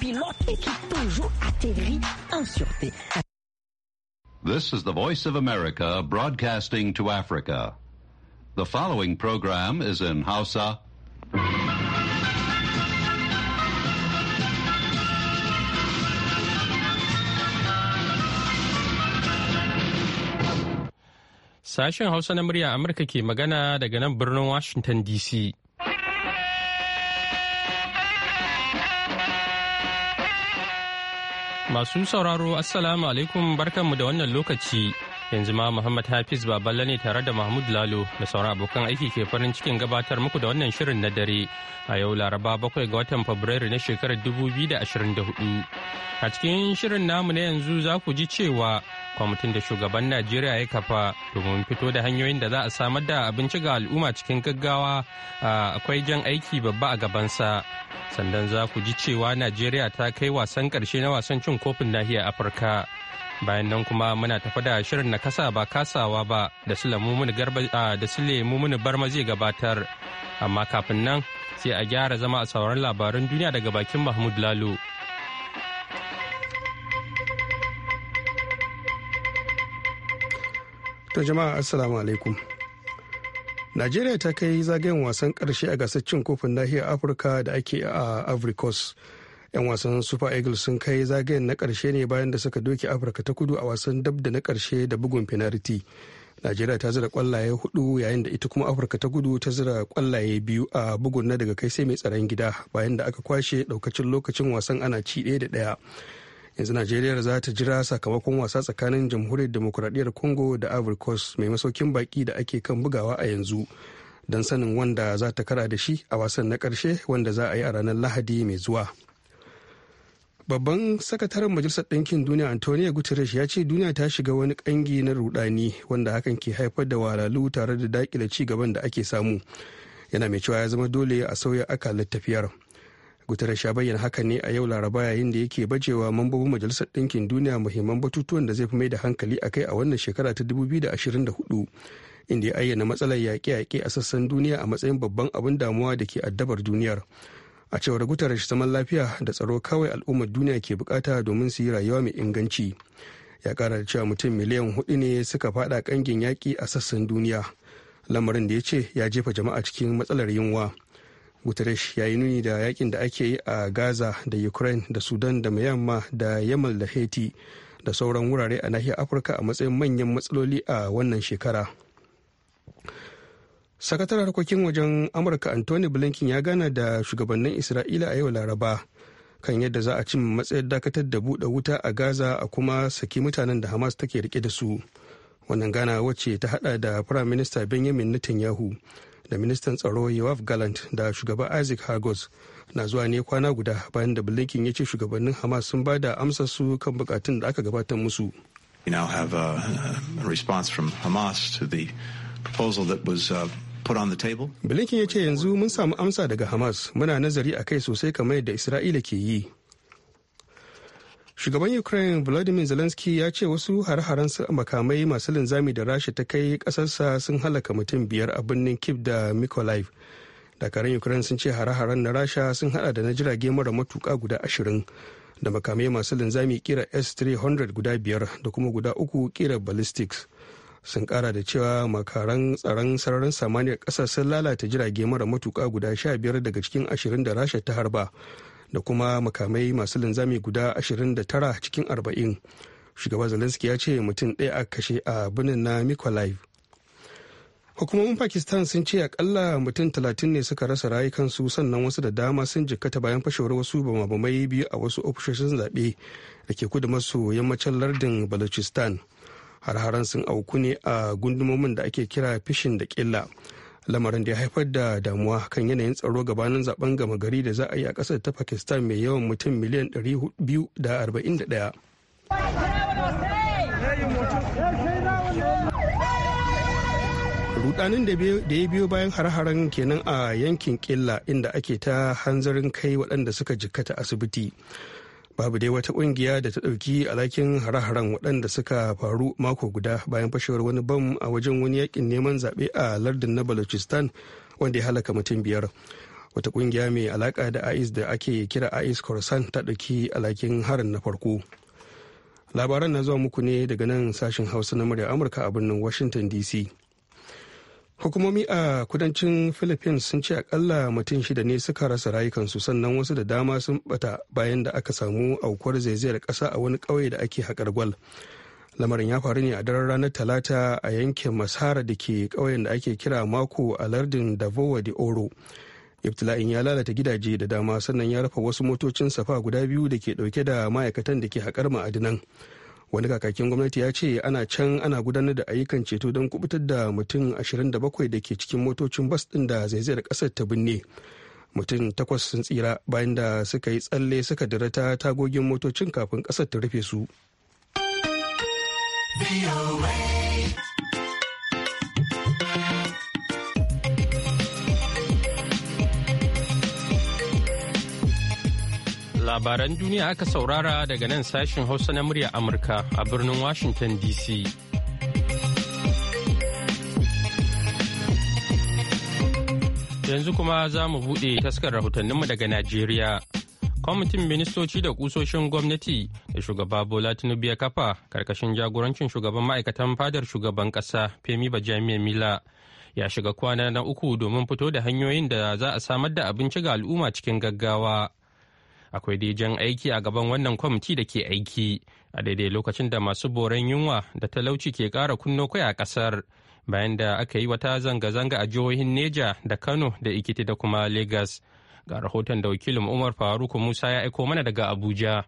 pilote et qui toujours atterrit en sûreté. This is the Voice of America broadcasting to Africa. The following program is in Hausa. Sashen Hausa na murya Amurka ke magana daga nan birnin Washington DC. Masu sauraro Assalamu alaikum barkanmu da wannan lokaci yanzu ma Muhammad Hafiz Baballe ne tare da Mahmud Lalo da sauran abokan aiki ke farin cikin gabatar muku da wannan shirin na dare a yau Laraba 7 ga watan Fabrairu na shekarar 2024. A cikin shirin namu na yanzu za ku ji cewa kwamitin da shugaban Najeriya ya kafa domin fito da hanyoyin da za a samar da abinci ga al'umma cikin gaggawa akwai jan aiki babba a gabansa. Sannan za ku ji cewa Najeriya ta kai wasan karshe na wasan cin kofin nahiyar Afirka. bayan nan kuma muna tafi da shirin na kasa ba kasawa ba da sule mumuni barma zai gabatar amma kafin nan sai a gyara zama a sauran labaran duniya daga bakin mahmud lalo ta jama'a assalamu alaikum najeriya ta kai zagayen wasan karshe a gasar cin kofin nahiyar afirka da ake a avricos 'yan wasan super eagles sun kai zagayen na karshe ne bayan da suka doke afirka ta kudu a wasan dab da na karshe da bugun penalty najeriya ta zira kwallaye hudu yayin da ita kuma afirka ta kudu ta zira kwallaye biyu a bugun na daga kai sai mai tsaron gida bayan da aka kwashe daukacin lokacin wasan ana ci ɗaya da ɗaya yanzu najeriya za ta jira sakamakon wasa tsakanin jamhuriyar demokuraɗiyyar congo da ivory coast mai masaukin baki da ake kan bugawa a yanzu don sanin wanda za ta kara da shi a wasan na karshe wanda za a yi a ranar lahadi mai zuwa babban sakataren majalisar ɗinkin duniya antonio guterres ya ce duniya ta shiga wani ƙangi na rudani wanda hakan ke haifar da walalu tare da dakile ci gaban da ake samu yana mai cewa ya zama dole a sauya akalin tafiyar guterres ya bayyana haka ne a yau laraba yayin da yake bajewa mambobin majalisar ɗinkin duniya muhimman batutuwan da zai fi mai da hankali a kai a wannan shekara ta 2024 inda ya ayyana matsalar yaƙe-yaƙe a sassan duniya a matsayin babban abin damuwa da ke addabar duniyar. a cewar guterres zaman lafiya da tsaro kawai al'ummar duniya ke bukata domin su yi rayuwa mai inganci ya kara da cewa mutum miliyan hudu ne suka fada kangin yaƙi a sassan duniya lamarin da ya ce ya jefa jama'a cikin matsalar yunwa guterres ya yi nuni da yakin da ake yi a gaza da ukraine da sudan da myanmar da yamal da haiti da sauran wurare a nahiyar afirka a matsayin manyan matsaloli a wannan shekara. sakataren harkokin wajen amurka anthony blinken ya gana da shugabannin isra'ila a yau laraba kan yadda za a cin matsayar dakatar da buɗe wuta a gaza a kuma saki mutanen da hamas take rike da su wannan gana wacce ta hada da prime minister benjamin netanyahu da ministan tsaro yoav gallant da shugaba isaac hargos na zuwa ne kwana guda bayan da blinken ya ce shugabannin hamas sun ba da amsar su kan bukatun da aka gabatar musu We now have a, a response from Hamas to the proposal that was uh, Blinken ya ce yanzu mun samu amsa daga Hamas muna nazari a kai sosai kamar yadda Isra'ila ke yi. Shugaban Ukraine Vladimir Zelensky ya ce wasu har-haren makamai masu linzami da Rasha ta kai kasarsa sun halaka mutum biyar a birnin kyiv da Mykolaiv. Dakarun Ukraine sun ce har-haren na Rasha sun hada da na jirage mara matuka guda ashirin. da makamai masu linzami kira S-300 guda biyar da kuma guda uku kira ballistics. sun kara da cewa makaran tsaron sararin samaniyar ƙasar sun lalata jirage mara matuka guda sha biyar daga cikin ashirin da rasha ta harba da kuma makamai masu linzami guda ashirin da tara cikin arba'in shugaba zelensky ya ce mutum ɗaya a kashe a birnin na mikolaiv hukumomin pakistan sun ce akalla mutum talatin ne suka rasa rayukansu sannan wasu da dama sun jikkata bayan fashewar wasu bamabamai biyu a wasu ofishoshin zaɓe da ke kudu maso yammacin lardin balochistan har-haren sun auku ne a gundumomin da ake kira fishin da killa lamarin da ya haifar da damuwa kan yanayin tsaro gabanin zaben gama gari da za a yi a kasar ta pakistan mai yawan mutum miliyan 241 rudanin da ya biyo bayan har-haren kenan a yankin killa inda ake ta hanzarin kai waɗanda suka jikkata asibiti babu dai wata kungiya da ta dauki alhakin hare-haren waɗanda suka faru mako guda bayan fashewar wani bam a wajen wani yakin neman zaɓe a lardin na balochistan wanda ya halaka mutum biyar wata kungiya mai alaka da ais da ake kira ais khorasan ta ɗauki alhakin harin na farko labaran na zuwa muku ne daga nan sashen hausa na murya amurka a birnin washington dc hukumomi a kudancin philippines sun ce akalla mutum shida ne suka rasa rayukansu sannan wasu da dama sun bata bayan da aka samu aukuwar zaizayar kasa a wani ƙauye da ake haƙar gwal lamarin ya faru ne a daren ranar talata a yankin masara da ke ƙauyen da ake kira mako a lardin davowa de oro ibtila'in ya lalata gidaje da dama sannan ya rufe wasu motocin safa guda biyu da ke ɗauke da ma'aikatan da ke haƙar ma'adinan wani kakakin gwamnati ya ce ana can ana gudanar da ayyukan ceto don kubutar da mutum 27 da ke cikin motocin bas ɗin da zaizayar ƙasar ta binne mutum takwas sun tsira bayan da suka yi tsalle suka dira ta tagogin motocin kafin ƙasar ta rufe su. labaran duniya aka saurara daga nan sashin hausa na murya amurka a birnin washington dc yanzu kuma za mu buɗe taskar rahotanninmu daga najeriya kwamitin ministoci da kusoshin gwamnati da shugaba bola tinubu ya kafa karkashin jagorancin shugaban ma'aikatan fadar shugaban kasa femi bajamiya mila ya shiga kwana na uku domin fito da hanyoyin da za a samar da abinci ga al'umma cikin gaggawa akwai dai aiki a gaban wannan kwamiti da ke aiki a daidai lokacin da masu boren yunwa da talauci ke ƙara kunno kai a ƙasar bayan da aka yi wata zanga-zanga a jihohin neja da kano da ikiti da kuma Legas, ga rahoton da wakilin umar faruk musa ya aiko mana daga abuja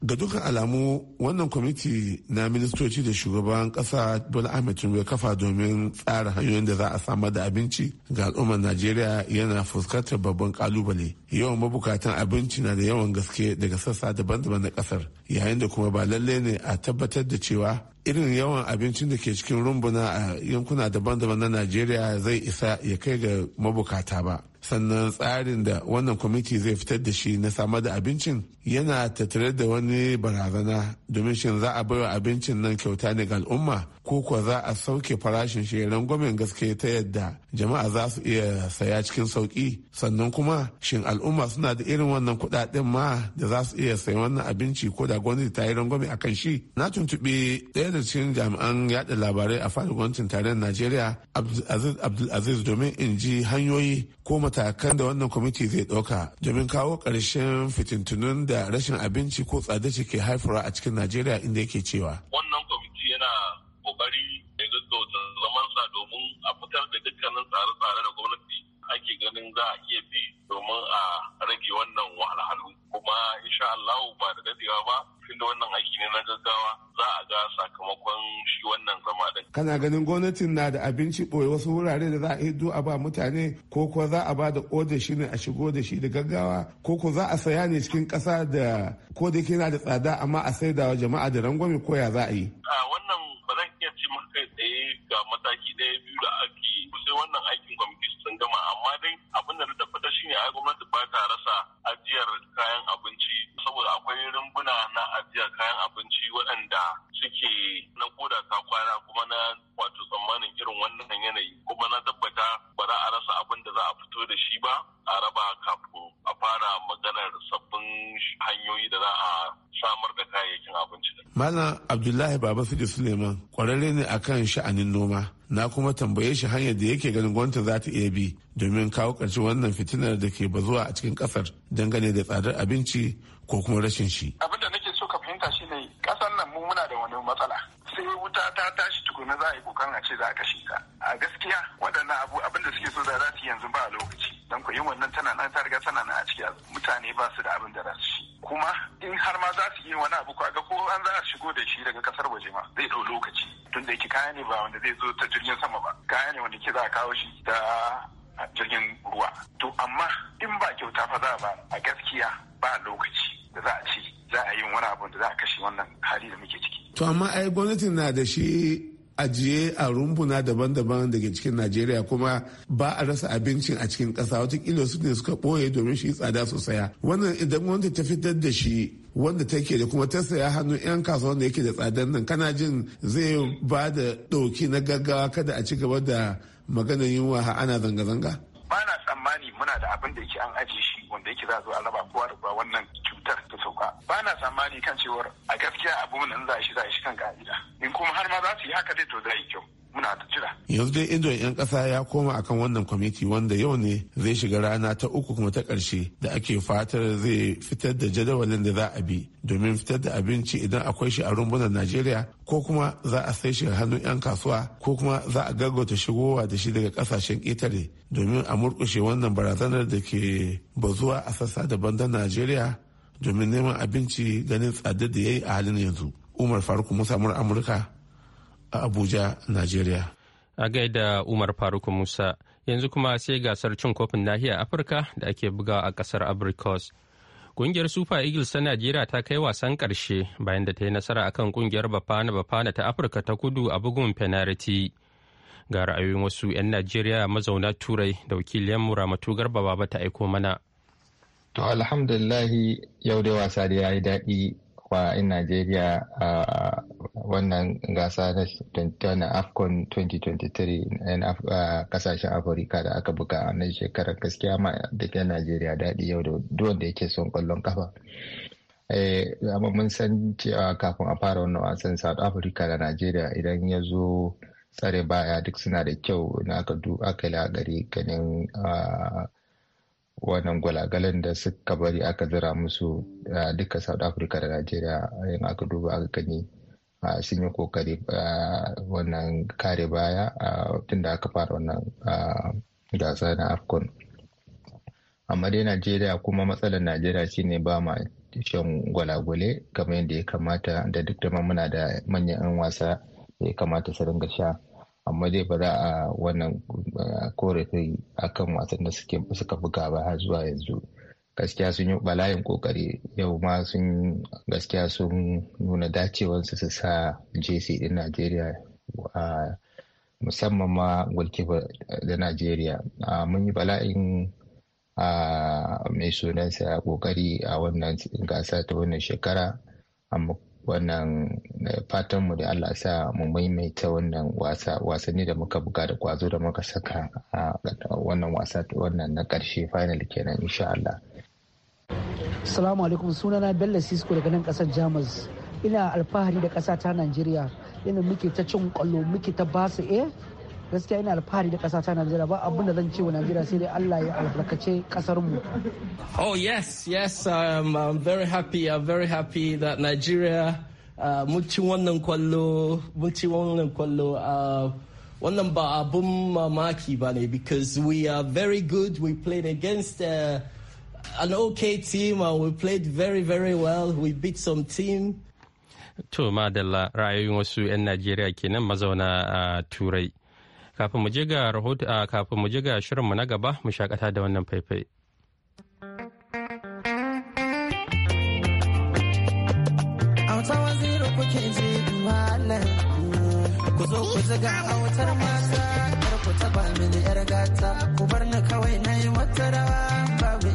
ga dukkan alamu wannan kwamiti na ministoci da shugaban kasa bola ahmed tinubu kafa domin tsara hanyoyin da za a samar da abinci ga al'ummar najeriya yana fuskantar babban kalubale yawan mabukatan abinci na da yawan gaske daga sassa daban-daban na kasar yayin da kuma ba lalle ne a tabbatar da cewa irin yawan abincin da ke cikin rumbuna a yankuna daban-daban na najeriya zai isa ya kai ga mabukata ba sannan tsarin da wannan kwamiti zai fitar da shi na samar da abincin yana tattare da wani barazana domin shin za a baiwa abincin nan kyauta ne ga al'umma ko kuwa za a sauke farashin shi rangwamen gaske ta yadda jama'a za su iya saya cikin sauki sannan kuma shin al'umma suna da irin wannan kuɗaɗen ma da za su iya sayan wannan abinci ko da gwamnati ta yi rangwame a kan shi na tuntuɓi ɗaya da cikin jami'an yaɗa labarai a fadin gwamnatin tarayyar najeriya abdulaziz domin in ji hanyoyi ko mata. matakan da wannan kwamiti zai ɗauka domin kawo ƙarshen fitintunun da rashin abinci ko tsadace ke haifarwa a cikin najeriya inda yake cewa wannan kwamiti yana kokari ya gaggauta zamansa domin a fitar da dukkanin tsare-tsare da gwamnati ake ganin za a iya bi domin a rage wannan wahalhalu kuma insha Allah ba da dadewa ba tunda wannan aiki ne na gaggawa za a ga sakamakon shi wannan zama da kana ganin gwamnatin na da abinci boye wasu wurare da za a hiddo a ba mutane ko ko za a ba da oda shi ne a shigo da shi da gaggawa ko ko za a saya ne cikin kasa da ko da yake na da tsada amma a saida wa jama'a da rangwame ko ya za a yi a wannan ba zan iya ce maka tsaye ga mataki ɗaya biyu da ake sai wannan aikin gwamnati sun gama Abdullahi Baba fidi Suleiman kwararre ne akan sha'anin noma. Na kuma tambaye shi hanyar da yake ganin gwamnati za ta iya bi domin kawo karshen wannan fitinar da ke bazuwa a cikin ƙasar dangane da tsadar abinci ko kuma rashin shi. da zai zo ta jirgin sama ba kaya ne wanda ke za a kawo shi ta jirgin ruwa to amma in ba kyauta fa za ba a gaskiya ba lokaci da za a ci za a yi wani abu da za a kashe wannan hali da muke ciki to amma ai gwamnatin na da shi ajiye a rumbuna daban-daban daga cikin najeriya kuma ba a rasa abincin a cikin ƙasa watakila su ne suka ɓoye domin shi tsada sosai wannan idan gwamnati ta fitar da shi wanda take da kuma ta saya hannu 'yan kasuwa wanda yake da tsadar nan kana jin zai ba da ɗauki na gaggawa kada a ci gaba da maganar yunwa ana zanga-zanga? ba na tsammani muna da abin da yake an ajiye shi wanda yake za a zo a raba kowa da wannan cutar ta sauka ba na tsammani kan cewar a gaskiya abu nan za a shi za a shi kan ka'ida in kuma har ma za su yi haka dai to za yi kyau muna ta jira. Yanzu dai idon 'yan kasa ya koma akan wannan kwamiti wanda yau ne zai shiga rana ta uku kuma ta karshe da ake fatar zai fitar da jadawalin da za a bi domin fitar da abinci idan akwai shi a rumbunan Najeriya ko kuma za a sai shi hannun 'yan kasuwa ko kuma za a gaggauta shigowa da shi daga kasashen ƙetare domin a murkushe wannan barazanar da ke bazuwa a sassa daban da Najeriya domin neman abinci ganin tsadar da ya yi a halin yanzu. Umar Faruk Musa Amurka a Abuja, Najeriya. A gaida Umar Faruk Musa, yanzu kuma sai gasar cin kofin nahiyar Afirka da ake bugawa a kasar Abrikos. Kungiyar Super Eagles ta Najeriya ta kai wasan ƙarshe bayan da ta yi nasara a kan kungiyar Bafana Bafana ta Afirka ta kudu a bugun penalty. Ga ra'ayoyin wasu 'yan Najeriya mazauna Turai da wakiliyan matu Garba Baba ta aiko mana. To alhamdulillahi yau dai wasa da ya yi daɗi wa in Najeriya a wannan gasa na AFCON 2023 na kasashen Afirka da aka buga a nan shekarar gaskiya ma da ke Najeriya daɗi yau da duwanda yake son ƙwallon kafa. Eh, amma mun san cewa kafin a fara wannan wasan South Africa da Najeriya idan ya zo tsare baya duk suna da kyau na aka du aka ganin wannan gwalagalan da suka bari aka zira musu duka south africa da nigeria yin aka duba aka gani sun yi kokari wannan kare baya tun da aka fara wannan gasa na afcon amma dai nigeria kuma matsalar nigeria shine ba ma shan gwalagwale kamar yadda ya kamata da duk da muna da manyan 'yan wasa ya kamata su ringa sha amma dai ba za a wannan eh, korafi akan wasan da suka fi ba har zuwa yanzu gaskiya sun yi balayin kokari yau ma sun gaskiya sun nuna dacewansu su sa jc din najeriya musamman ma goalkeeper eh, da najeriya mun yi bala'in mai sunansa kokari a wannan gasa ta wannan shekara amma wannan eh, fatanmu da Allah sa mu maimaita wannan wasanni da muka buga da kwazo da muka saka a wannan wasa wannan na karshe final kenan insha Allah Assalamu alaikum sunana Bello Sisko daga nan kasar Jamus ina alfahari da ƙasa ta Najeriya ina muke ta cin kwallo muke ta basu eh gaskiya ina alfahari da ƙasa ta Najeriya ba abin da zan ce wa Najeriya sai dai Allah ya albarkace ƙasar mu. Oh yes, yes, um, I'm very happy, I'm very happy that Nigeria uh, mun ci wannan kwallo, mun ci wannan kwallo. Uh, wannan ba abun mamaki ba ne because we are very good we played against uh, an okay team and we played very very well we beat some team to madalla ra'ayoyin wasu 'yan najeriya kenan mazauna a uh, turai kafin mu je ga rahoto ah, kafin mu je ga shirinmu na gaba mu shakata da wannan faifai. Auta waziri kuke je malam ku zo ku ziga autar mata kar ku taɓa mini yar gata ku bar ni kawai na yi wata rawa babu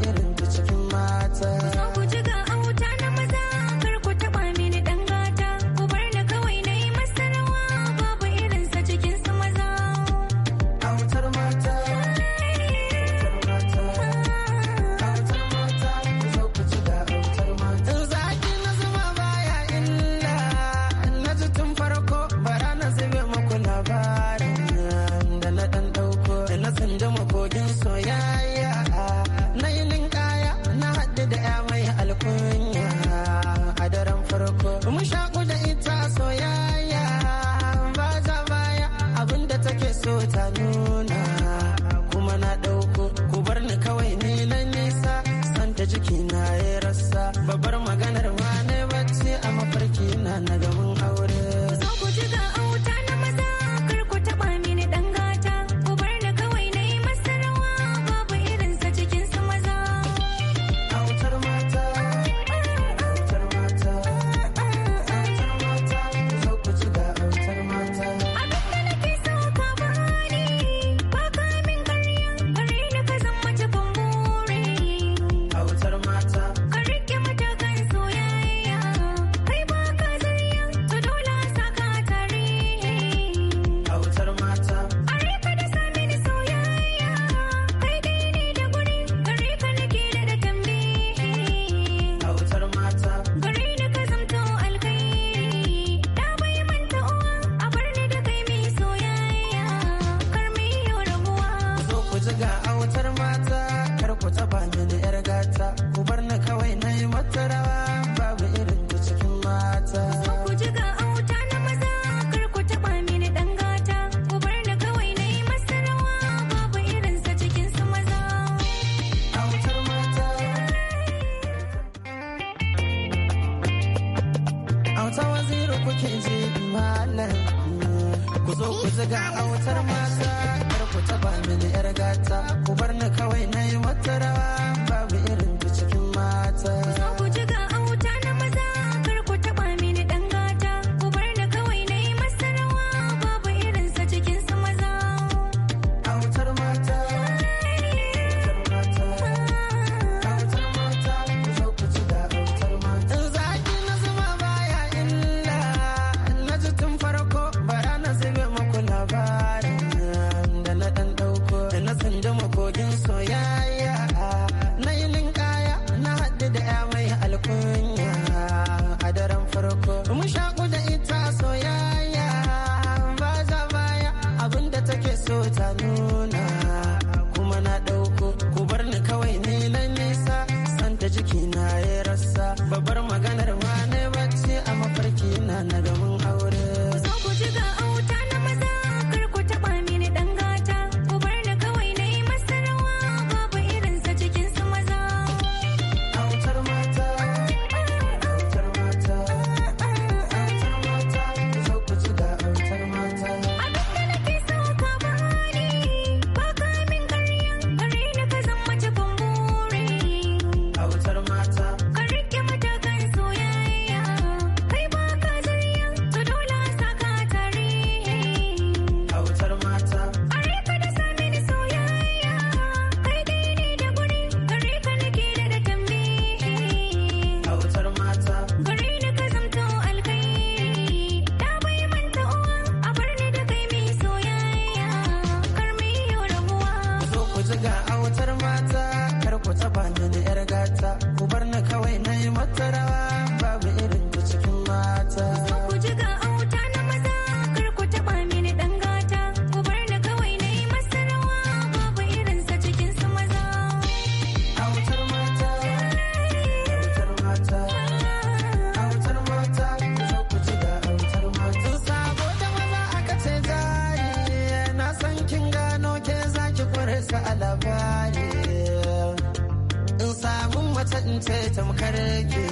kasance tamkar ke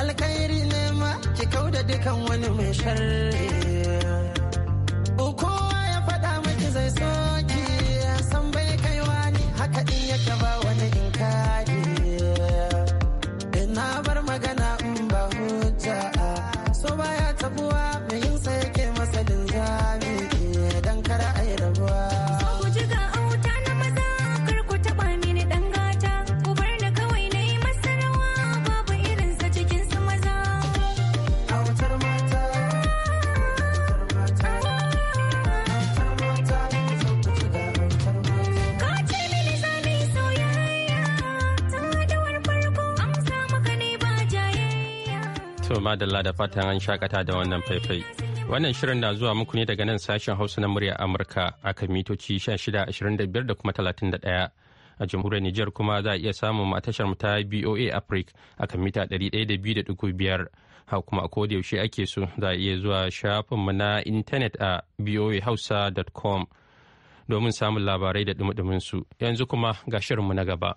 alkhairi ne ma ki kauda dukan wani mai sharri To madalla da fatan an shakata da wannan faifai. Wannan shirin na zuwa muku ne daga nan sashen Hausa na murya Amurka a kan mitoci 1625 da kuma 31. A jamhuriyar Nijar kuma za a iya samun a tashar ta BOA Africa kan mita 102.5. Ha kuma a da yaushe ake so za a iya zuwa shafinmu na intanet a boahausa.com domin samun labarai da dumudumin su. Yanzu kuma ga shirinmu na gaba.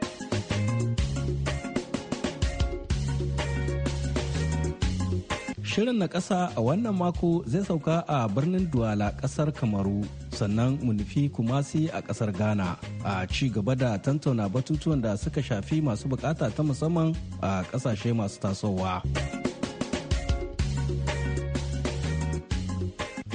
Shirin na ƙasa a wannan mako zai sauka a birnin Duwala ƙasar Kamaru sannan mu nufi Kumasi a ƙasar Ghana a ci gaba da tantauna batutuwan da suka shafi masu bukata ta musamman a ƙasashe masu tasowa.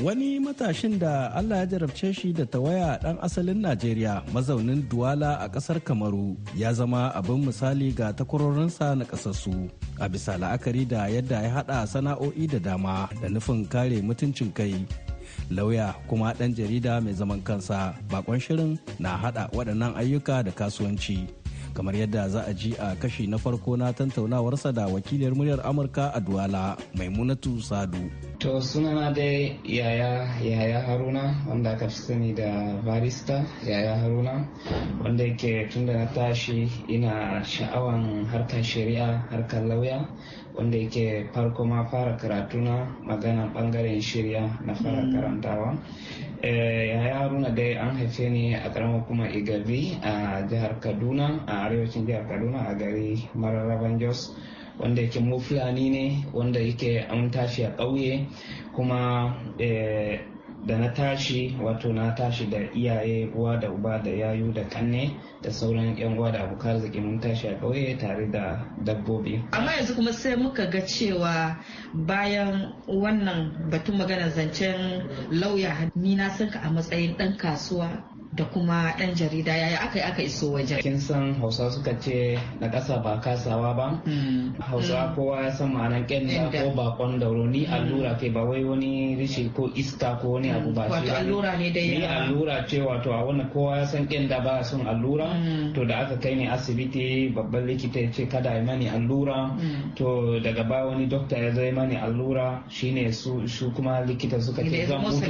wani matashin da allah ya jarabce shi da tawaya dan asalin najeriya mazaunin duwala a kasar kamaru ya zama abin misali ga takwarorinsa na kasassu a bisa la'akari da yadda ya hada sana'o'i da dama da nufin kare mutuncin kai lauya kuma dan jarida mai zaman kansa bakon shirin na hada waɗannan ayyuka da kasuwanci kamar yadda za a ji a kashi na farko na tantaunawarsa da wakiliyar muryar amurka a duwala maimunatu sadu to sunana dai yaya yaya haruna wanda aka fi sani da barista yaya haruna wanda yake tunda na tashi ina sha'awan harkar shari'a harkar lauya wanda yake farko ma fara karatuna na maganan bangaren shirya na fara mm. karantawa eh, ya haruna dai an haife ni a karamar kuma igabi a jihar kaduna a arewacin jihar kaduna a gari mararraban jos wanda yake mu fulani ne wanda yake an tashi a ƙauye kuma eh, da na tashi wato na tashi da iyaye uwa da uba da yayu da kanne da sauran yan uwa da abokan arziki mun tashi a ƙauye tare da dabbobi amma yanzu kuma sai muka ga cewa bayan wannan batun magana zancen lauya ni na sanka a matsayin ɗan kasuwa da kuma ɗan jarida yaya aka yi aka iso wajen. Kin san Hausa suka ce na ƙasa ba kasawa ba? Mm. Hausa mm. kowa ya san ma'anar ƙenda ko bakon dauro ni mm. allura ke ba wai wani rishi ko iska ko wani abu ba Wato allura ne da Ni allura ce wato a wani kowa ya san ƙenda ba son allura. To da aka kai ni asibiti babban likita ya ce kada ya mani allura. To daga ba wani dokta ya zai mani allura shine su kuma likita suka ce zan mutu.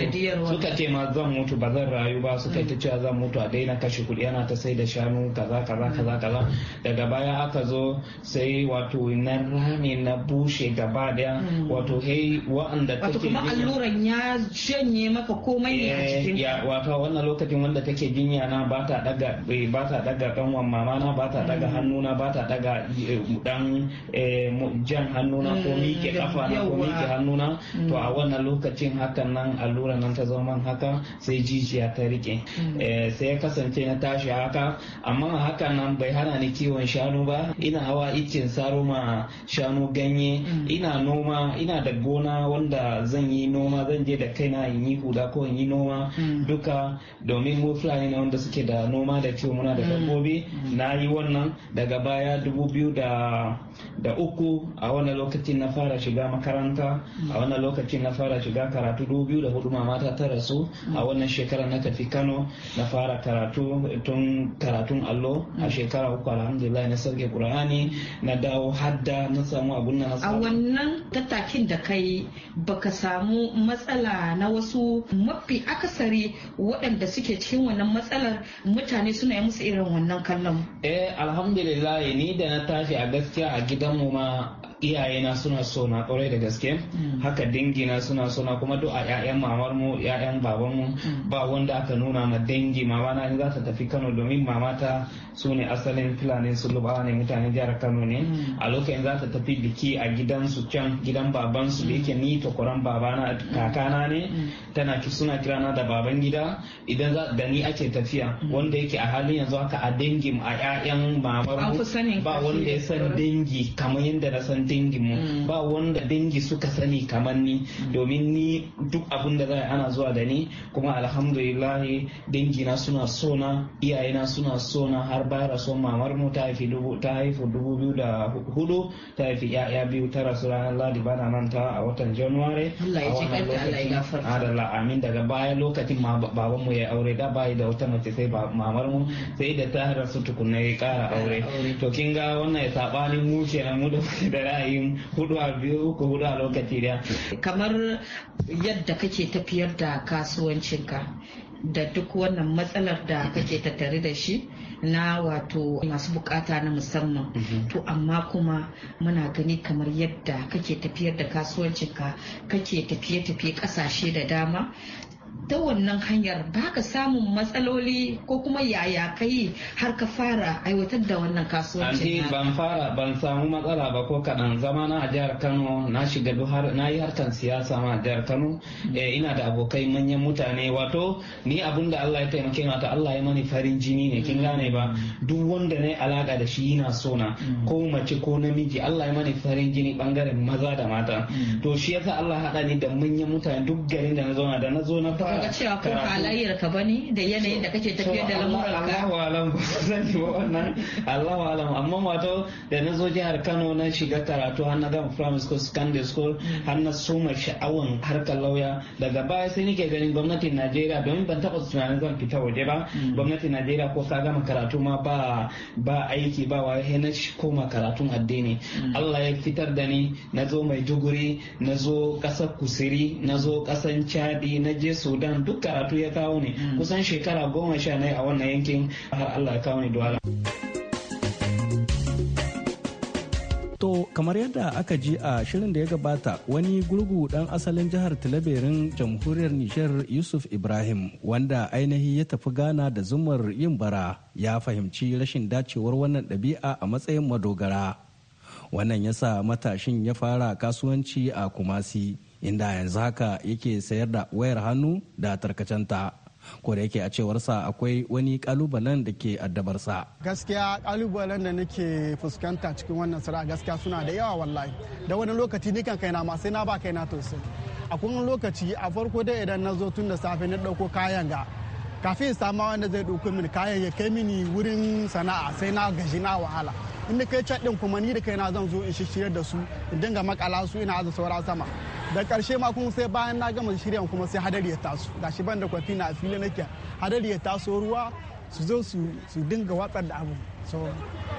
Suka ce ma zan mutu ba zan rayu ba suka ta ce kaza zan mutu a daina kashe kuɗi ana ta sai da shanu kaza kaza kaza kaza daga baya aka zo sai wato na rami na bushe gaba daya hmm. wato hei wa'anda take wato kuma alluran ya shanye maka komai ne a cikin eh, ya wato wannan lokacin wanda take jinya na ba ta daga eh, ba ta daga kanwan mama na ba ta daga hmm. hannuna ba ta daga dan eh, jan hannuna ko hmm. miƙe kafa na ko miƙe hannuna to a wannan lokacin hakan nan alluran nan ta zama haka sai jijiya ta rike Eh, sai kasance na tashi haka amma haka nan bai hana ni kiwon shanu ba ina hawa itin saro ma shanu ganye mm. ina noma ina da gona wanda zan yi noma zan je da kaina in yi huda ko in yi noma mm. duka domin mu fulani na wanda suke da noma da kiwo muna da mm. dabbobi na yi wannan daga baya dubu biyu da da uku a wannan lokacin na fara shiga makaranta a wannan lokacin na fara shiga karatu dubu biyu da hudu mamata ta rasu a wannan shekarar na tafi kano na fara karatu tun karatun allo a mm. shekara uku alhamdulillah na sarki qur'ani na dawo hadda na samu abun na a wannan tattakin da kai baka samu matsala na wasu mafi akasari waɗanda suke cikin wannan matsalar mutane suna yi musu irin wannan kallon eh alhamdulillah ni da na tashi a gaskiya a gidanmu ma iyayena suna so na kwarai da gaske mm. haka dingina suna so na kuma duk a ƴaƴan mamar mu ƴaƴan baban mu mm. ba wanda aka nuna ma dangi mama na za ta tafi Kano domin mama ta su ne asalin Fulani su lubawa ne mutanen jihar Kano ne mm. a lokacin za ta tafi biki a gidan su can gidan baban su yake ni takwaran babana kakana ne tana suna kirana da baban gida idan za da ni ake tafiya wanda yake a halin yanzu haka a dangi a ƴaƴan mamar mu ba wanda ya san dangi kamar yadda na san sauran dangin mu mm. ba wanda dangi suka sani kamar ni mm. domin ni duk abin da za ana zuwa da ni kuma alhamdulillah dangi na suna sona iyayena suna sona har bara son mamar mu ta haifi dubu ta haifi dubu biyu da hudu ta haifi ya'ya biyu tara su ranar ladi bana manta a watan january a wannan lokacin adala amin daga baya lokacin ma baban mu ya aure da bayi da wata mace sai mamar mu sai da ta rasu tukunna ya kara aure to kin ga wannan ya sabanin mu kenan mu da da yin hudu a biyu uku hudu a lokaci da kamar yadda kake tafiyar da kasuwancinka da duk wannan matsalar da kake tattare da shi na wato masu bukata na musamman mhm. to amma kuma muna gani kamar yadda kake tafiyar da kasuwancinka kake tafiye-tafiye kasashe da dama ta wannan hanyar ba ka samun matsaloli ko kuma yaya kai har ka fara aiwatar da wannan kasuwanci ban fara ban samu matsala ba ko kaɗan zama na a jihar kano na shiga na yi harkan siyasa ma a jihar kano mm-hmm. eh, ina da abokai manyan mutane wato ni abun da allah ya taimake ni wato allah ya mani farin jini ne kin gane ba mm-hmm. duk wanda na yi alaka da shi yana so na mm-hmm. ko mace ko namiji allah ya mani farin jini bangaren maza da mata to shi yasa allah haɗa ni da manyan mutane duk garin da na zauna da na zo na fara ba ga cewa ko halayyar ka bane da yanayin da kake tafiyar da lamuran ka Allahu zan yi wannan Allahu alam amma wato da na zo jihar Kano na shiga karatu har na gama primary school secondary school har na soma sha'awan harkar lauya daga baya sai nake ganin gwamnatin Najeriya domin ban taɓa tunanin zan fita waje ba hmm. gwamnatin Najeriya ko ka gama karatu ma ba ba aiki ba wa na koma karatun addini hmm. Allah ya fitar da ni na zo Maiduguri na zo ƙasar Kusiri na zo ƙasar Chadi na je Sudan duk karatu ya kawo ne hmm. kusan shekara goma sha ne a wannan yankin har allah ya kawo ne duwala To kamar yadda aka ji a shirin da ya gabata wani gurgu dan asalin jihar Tilaberin jamhuriyar nijar Yusuf Ibrahim wanda ainihi ya tafi gana da zumar yin bara ya fahimci rashin dacewar wannan ɗabi'a a matsayin madogara. Wannan ya sa matashin ya fara kasuwanci a Kumasi inda yanzu haka yake sayar da wayar hannu da tarkacenta ko da yake a cewarsa akwai wani kalubalen da ke addabarsa gaskiya kalubalen da nake fuskanta cikin wannan sara gaskiya suna da yawa wallahi da wani lokaci ni kai kaina ma sai na ba kaina to sai a kuma lokaci a farko da idan na zo tun da safe na dauko kayan ga kafin sama wanda zai dauko mini kayan ya kai mini wurin sana'a sai na gaji na wahala in kai cat din kuma ni da kaina zan zo in shishiyar da su in dinga makala su ina aza saura sama da karshe ma kuma sai bayan na gama shirya kuma sai hadari ya taso gashi ban da kwafi na fili nake hadari ya taso ruwa su zo su dinga watsar da abu so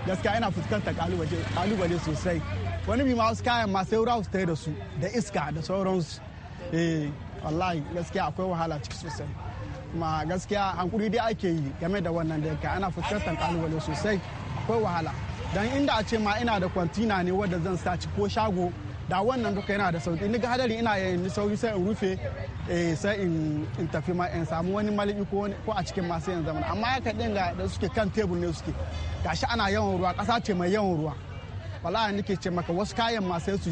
gaskiya ina fuskantar kalubale sosai wani bi ma kayan ma sai ruwa su tare da su da iska da sauransu eh wallahi gaskiya akwai wahala ciki sosai kuma gaskiya hankuri dai ake yi game da wannan da yake ana fuskantar kalubale sosai akwai wahala dan inda a ce ma ina da kwantina ne wanda zan saci ko shago da wannan duka yana da sauki ni ga hadari ina yin sauri sai in rufe eh, sai in tafi ma in samu wani maliki ko a cikin masu yanzu zamana amma haka din da suke kan tebur ne suke shi ana yawan ruwa kasa ce mai yawan ruwa wallahi nake ce maka wasu kayan ma sai su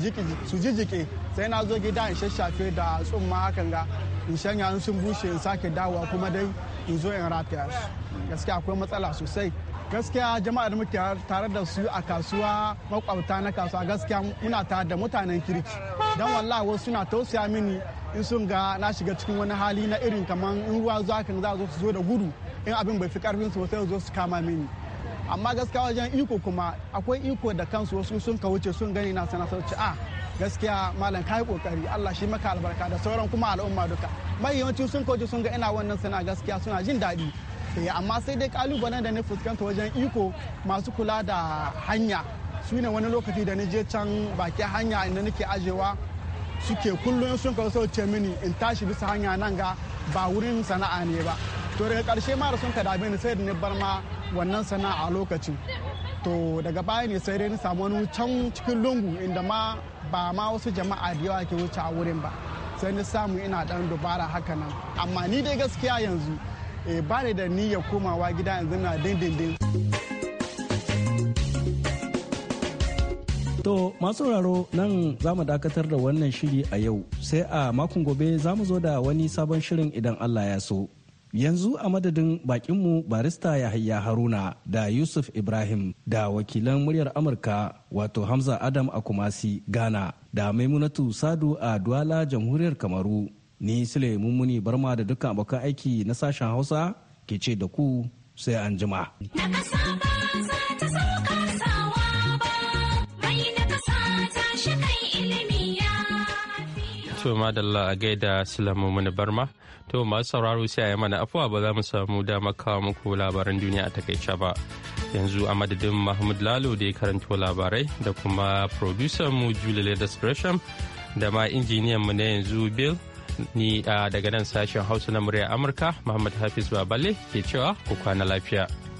jijike sai na zo gida in shashafe da tsumma hakan ga in shanya in sun bushe in sake dawowa kuma dai in zo in rataya su gaskiya akwai matsala sosai gaskiya jama'ar muke tare da su a kasuwa makwabta na kasuwa gaskiya muna tare da mutanen kirki don wallah wasu suna tausaya mini in sun ga na shiga cikin wani hali na irin kaman in ruwa zuwa kan za su zo da gudu in abin bai fi karfin su sai zo su kama mini amma gaskiya wajen iko kuma akwai iko da kansu wasu sun ka wuce sun gani na sana a ah, gaskiya malam kai kokari Allah shi maka albarka da sauran kuma al'umma duka mai yawanci sun ka wuce sun ga ina wannan sana gaskiya suna jin daɗi Eh, amma sai dai kalubalen da na fuskanta wajen iko masu kula da hanya su ne wani lokaci da na je can baki hanya inda nake ajewa suke kullum sun kawo sau ce mini in tashi bisa hanya nan ga ba wurin sana'a ne ba to daga karshe ma da sun ka dame ni sai da ni bar ma wannan sana'a lokacin to daga baya ne sai dai ni samu wani can cikin lungu inda ma ba ma wasu jama'a da yawa ke wuce a wurin ba sai ni samu ina dan dubara haka nan amma ni dai gaskiya yanzu Eh, ba ni da niyyar komawa gida in zama dindindin. To masu sauraro nan za mu dakatar da wannan shiri a yau sai a makon gobe za mu zo da wani sabon shirin idan Allah ya so. Yanzu a madadin bakinmu barista Yahaya Haruna da Yusuf Ibrahim da wakilan muryar Amurka wato Hamza Adam a Kumasi Ghana da Maimunatu Sadu a Duwala Jamhuriyar Kamaru ni sule mummuni barma da dukkan abokan aiki na sashen hausa ke ce da ku sai an jima. da madalla a gaida Sulaiman Muni Barma, to masu sauraro sai a yi mana afuwa ba za mu samu dama kawo muku labaran duniya a takaice ba. Yanzu a madadin Mahmud Lalo da ya karanto labarai da kuma producer mu Julie Leathers Gresham da ma injiniyan mu na yanzu Bill ni ah, daga nan sashen hausa na murya amurka muhammad hafiz baballe ke cewa ku kwana lafiya